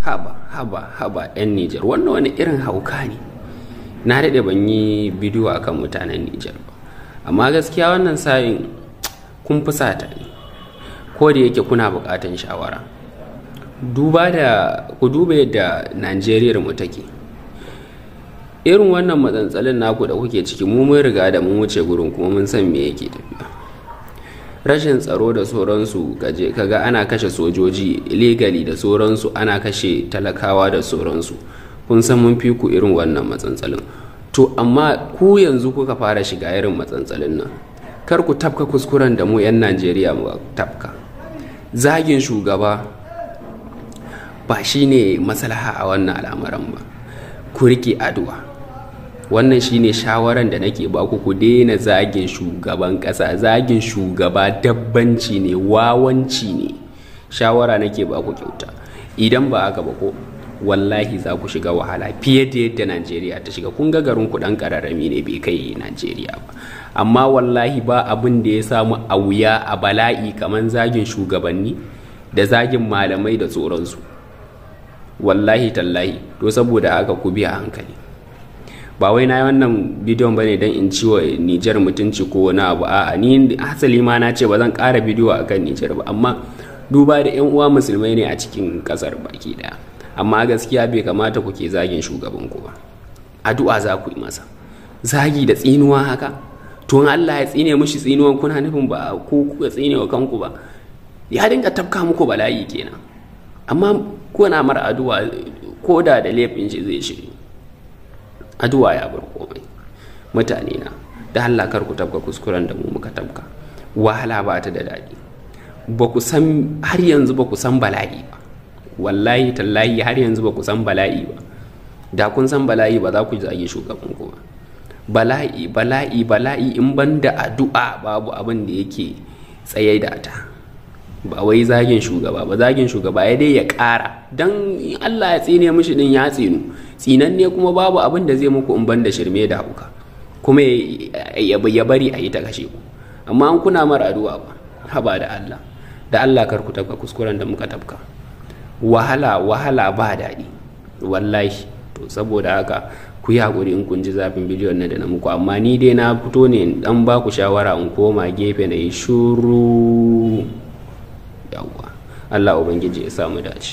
haba haba haba 'yan nijar wannan wani irin hauka ne na daɗe ban yi bidiyo a kan mutanen nijar ba amma gaskiya wannan sayin kun fusata ne ko da yake kuna buƙatan shawara duba da ku duba yadda najeriya mu take irin wannan matsantsalin naku da kuke ciki mu mun riga da mun wuce gurin kuma mun san me yake tafi rashin tsaro da sauransu gaje kaga ana kashe sojoji legali da sauransu ana kashe talakawa da sauransu kun san mun fi ku irin wannan matsantsalin to amma ku yanzu kuka fara shiga irin matsantsalin nan kar ku tafka kuskuren da mu 'yan najeriya mu tafka zagin shugaba ba shine maslaha a wannan al'amuran ba ku rike addu'a wannan shine shawaran da nake ba ku ku daina zagin shugaban ƙasa zagin shugaba dabbanci ne wawanci ne shawara nake ba ku kyauta idan ba aka ba ko wallahi za ku shiga wahala fiye da yadda najeriya ta shiga kun ga garin ku kararrami ne bai kai najeriya ba amma wallahi ba abin da ya samu a wuya a bala'i kamar zagin shugabanni da zagin malamai da tsoronsu wallahi tallahi to saboda haka ku biya hankali ba wai na wannan bidiyon ba ne don in ciwo Nijar mutunci ko wani abu a'a ni hasali ma na ce ba zan ƙara bidiyo a kan Nijar ba amma duba da yan uwa musulmai ne a cikin kasar baki daya amma gaskiya bai kamata ku ke zagin shugaban ku ba addu'a za ku yi masa zagi da tsinuwa haka to Allah ya tsine mishi tsinuwan kuna nufin ba ku kuka tsine wa kanku ba ya dinga tafka muku bala'i kenan amma kuna mara addu'a ko da da laifin shi zai shiri addu'a ya bar komai mutane na da kar ku tabka kuskuren da mu muka tabka wahala ba ta da daɗi ba ku san har yanzu ba ku san bala'i ba wallahi tallahi har yanzu ba ku san bala'i ba da kun san bala'i ba za ku zage shugaban ku ba bala'i bala'i bala'i in ban da addu'a babu abin da yake tsaye da ta ba wai zagin shugaba ba zagin shugaba ya dai ya ƙara don allah ya tsine mishi din ya tsinu tsinanne kuma babu abin da zai muku in ban da shirme da hauka kuma ya bari a yi ta kashe ku amma an kuna mara addu'a ba haba da allah da allah kar ku tafka kuskuren da muka tafka wahala wahala ba daɗi wallahi to saboda haka ku yi haƙuri in kun ji zafin bidiyon na da na muku amma ni dai na fito ne dan ba ku shawara in koma gefe na yi shuru yawwa Allah ubangiji ya samu dace